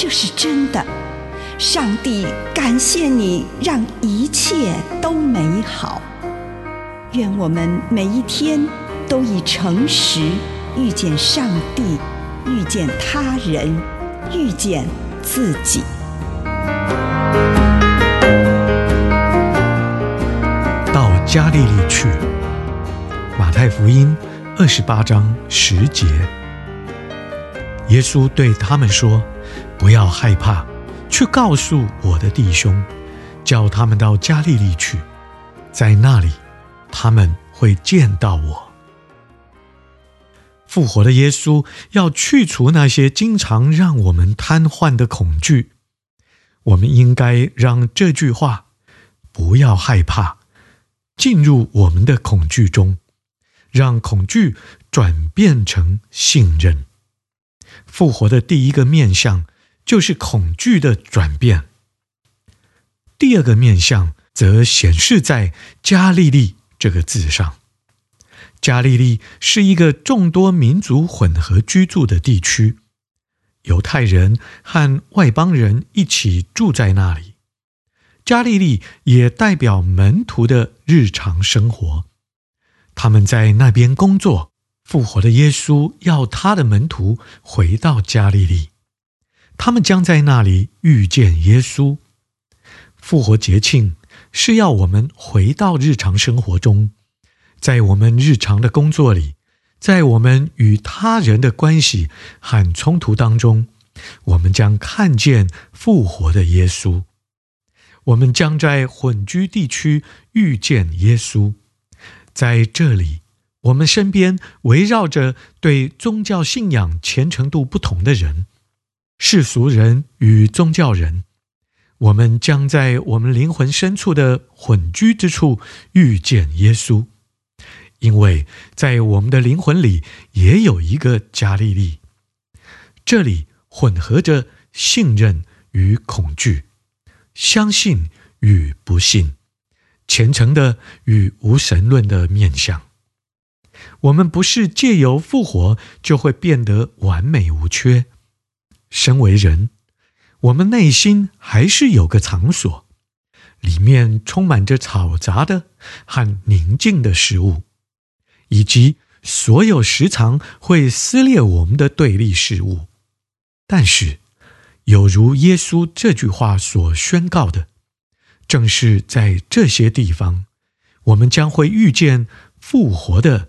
這是真的，上帝感謝你讓一切都美好。願我們每一天都以誠實遇見上帝，遇見他人，遇見自己。到加利利去，馬太福音二十八章十節。耶穌對他們說：“不要害怕，去告訴我的弟兄，叫他們到加利利去，在那裡他們會見到我。”復活的耶穌要去除那些經常讓我們癱瘓的恐懼，我們應該讓這句話“不要害怕”進入我們的恐懼中，讓恐懼轉變成信任。復活的第一個面向就是恐懼的轉變。第二個面向則顯示在“加利利”這個字上。加利利是一個眾多民族混合居住的地區，猶太人和外邦人一起住在那裡。加利利也代表門徒的日常生活，他們在那邊工作。復活的耶穌要他的門徒回到加利利，他們將在那裡遇見耶穌。復活節慶是要我們回到日常生活中，在我們日常的工作裡，在我們與他人的關係和衝突當中，我們將看見復活的耶穌。我們將在混居地區遇見耶穌，在這裡。我們身邊圍繞着對宗教信仰虔誠度不同的人，世俗人與宗教人。我們將在我們靈魂深處的混居之處遇見耶穌，因為在我們的靈魂裡也有一個加利利，這裡混合着信任與恐懼，相信與不信，虔誠的與無神論的面向。我們不是借由復活就會變得完美無缺。身為人，我們內心還是有個場所，裡面充滿着嘈雜的和寧靜的事物，以及所有時常會撕裂我們的對立事物。但是，有如耶穌這句話所宣告的，正是在這些地方，我們將會遇見復活的。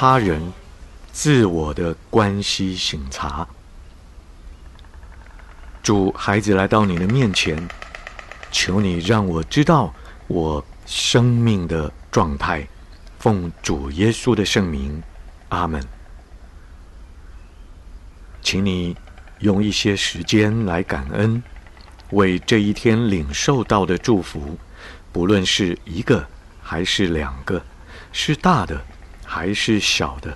他人、自我的關係省察。主，孩子來到你的面前，求你讓我知道我生命的狀態。奉主耶穌的聖名，阿門。請你用一些時間來感恩，為這一天領受到的祝福，不論是一個還是兩個，是大的，還是小的，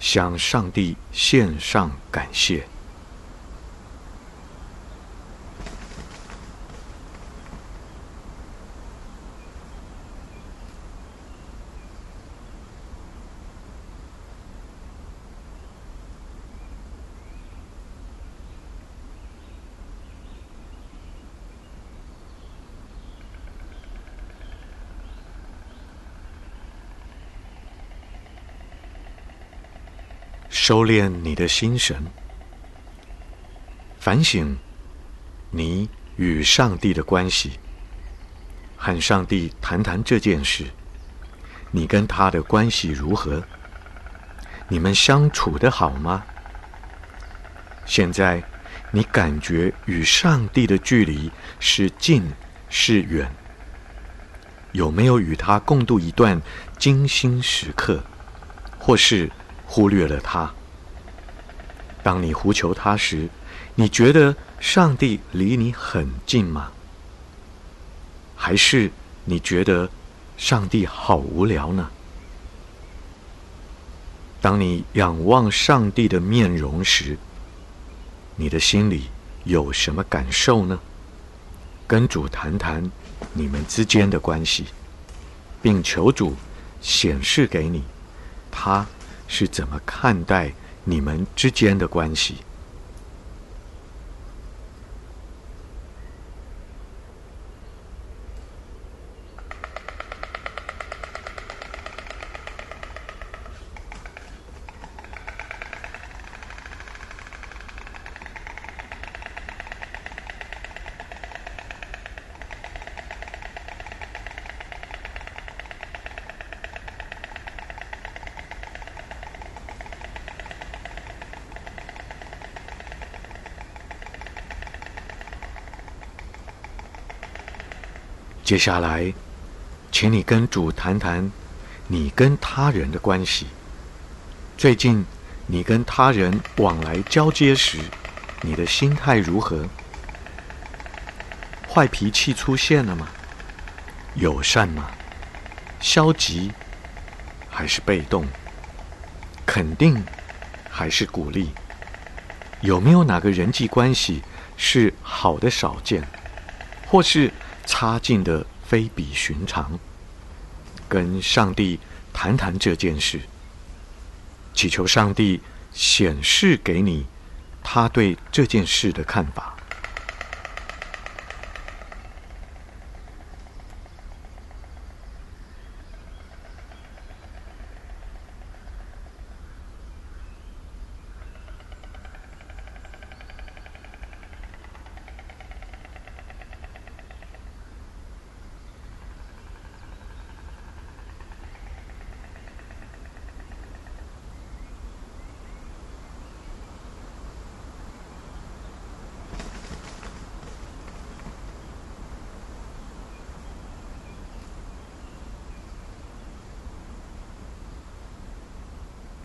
向上帝獻上感謝。收斂你的心神，反省你與上帝的關係，和上帝談談這件事。你跟他的關係如何？你們相處得好嗎？現在你感覺與上帝的距離是近是遠？有沒有與他共度一段精心時刻，或是？忽略了他。當你呼求他時，你覺得上帝離你很近嗎？還是你覺得上帝好無聊呢？當你仰望上帝的面容時，你的心裡有什麼感受呢？跟主談談你們之間的關係，並求主顯示給你他。是怎麼看待你們之間的關係？接下來，請你跟主談談你跟他人的關係。最近你跟他人往來交接時，你的心態如何？壞脾氣出現了嗎？友善嗎？消極還是被動？肯定還是鼓勵？有沒有哪個人際關係是好的少見，或是，差勁的非比尋常，跟上帝談談這件事，祈求上帝顯示給你他對這件事的看法。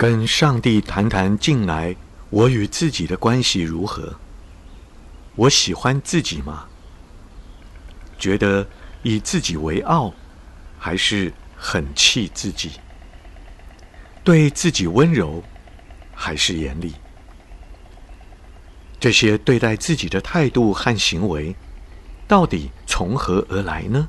跟上帝談談，近來我與自己的關係如何？我喜歡自己嗎？覺得以自己為傲，還是很氣自己？對自己溫柔，還是嚴厲？這些對待自己的態度和行為，到底從何而來呢？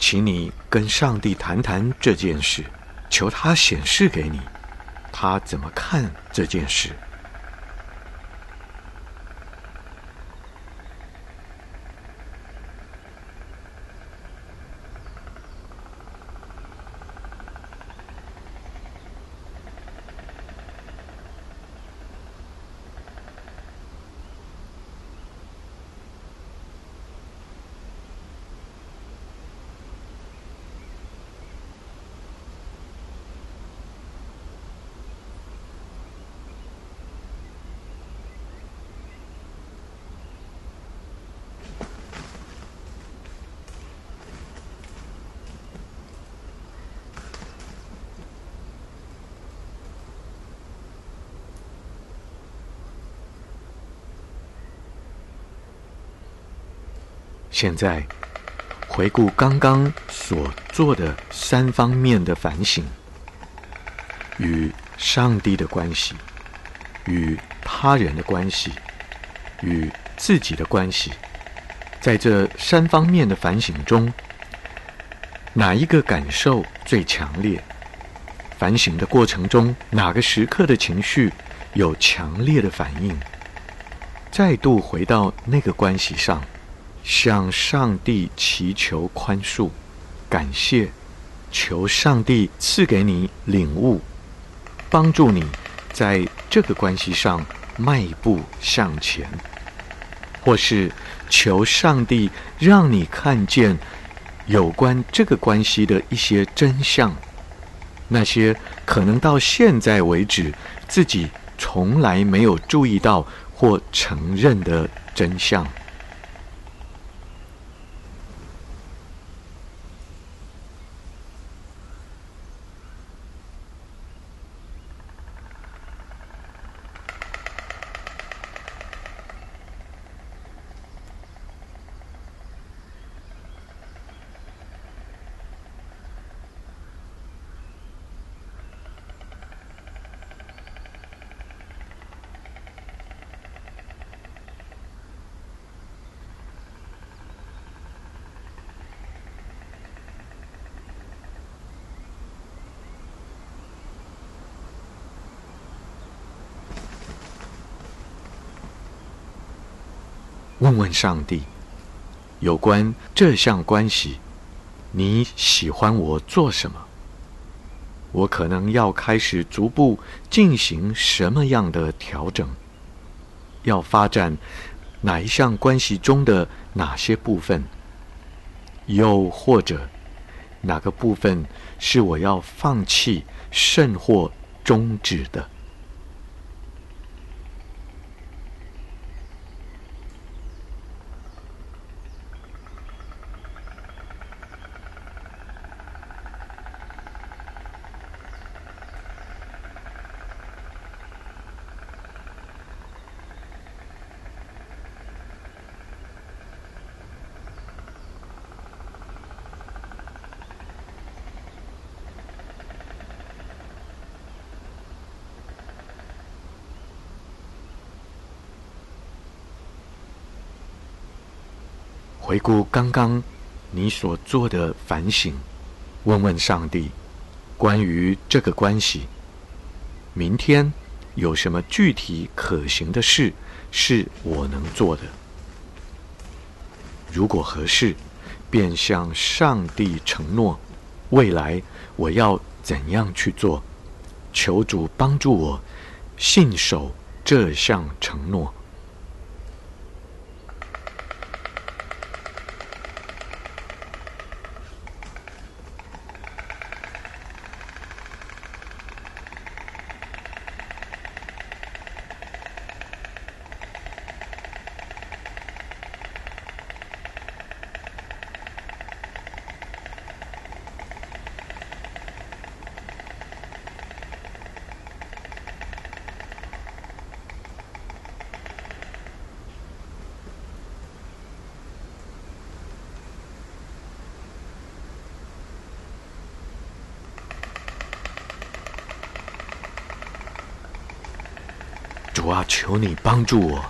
請你跟上帝談談這件事。求他顯示給你，他怎麼看這件事？現在回顧剛剛所做的三方面的反省：與上帝的關係、與他人的關係、與自己的關係。在這三方面的反省中，哪一個感受最強烈？反省的過程中，哪個時刻的情緒有強烈的反應？再度回到那個關係上。向上帝祈求寬恕、感謝，求上帝賜給你領悟，幫助你在這個關係上邁步向前。或是求上帝讓你看見有關這個關係的一些真相，那些可能到現在為止自己從來沒有注意到或承認的真相。問問上帝，有關這項關係，你喜歡我做什麼？我可能要開始逐步進行什麼樣的調整？要發展哪一項關係中的哪些部分？又或者哪個部分是我要放棄、甚或終止的？回顧剛剛你所做的反省，問問上帝關於這個關係，明天有什麼具體可行的事是我能做的？如果合適，便向上帝承諾，未來我要怎樣去做？求主幫助我，信守這項承諾。我要、啊、求你幫助我，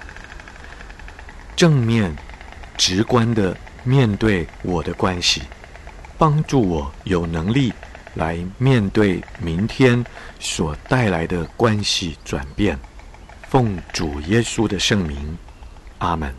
正面、直觀地面對我的關係，幫助我有能力來面對明天所帶來的關係轉變。奉主耶穌的聖名，阿門。